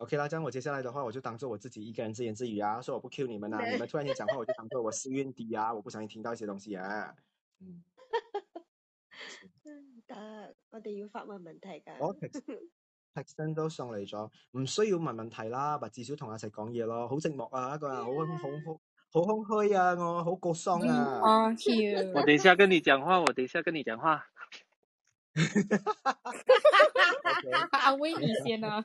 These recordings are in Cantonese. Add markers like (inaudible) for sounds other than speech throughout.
O、okay、K 啦，咁我接下來的話，我就當做我自己一個人自言自語啊，說我不 Q 你們啦、啊，你們突然間講話，我就當做我私運低啊， (laughs) 我不小心聽到一些東西啊。 (laughs) (laughs) 我哋要發問問題㗎。我，文文的 (laughs) 我 text text 都送嚟咗，唔需要問問題啦，咪至少同阿齊講嘢咯，好寂寞啊，一、那個人，好空好好空虛啊，我好孤雙啊。 (laughs) 我等一下跟你講話，我等一下跟你講話。阿 (laughs) 威 Okay. (laughs) okay. 啊，你先啦。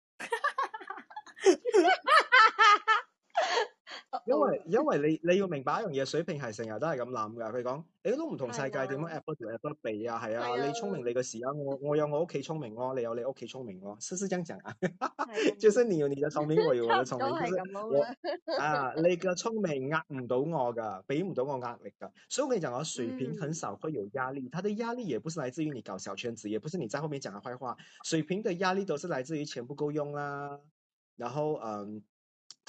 因為、oh. 因為你你要明白一樣嘢，水平係成日都係咁諗噶。佢講：你、欸、都唔同世界，點樣 Apple 同 Apple 比啊？係、哎、啊，你聰明你嘅事啊，我我有我屋企聰明喎、哦，你有你屋企聰明喎、哦。是唔是咁樣講啊？是 (laughs) 就是你有你的聰明，我有我的聰明， (laughs) 我 (laughs) 啊，你嘅聰明壓唔到我噶，俾唔到我壓力噶。所以我跟你講啊，我水平很少會有壓力、嗯，它的壓力也不是來自於你搞小圈子，也不是你在後面講佢壞話。水平嘅壓力都是來自於錢唔夠用啦、啊，然後嗯。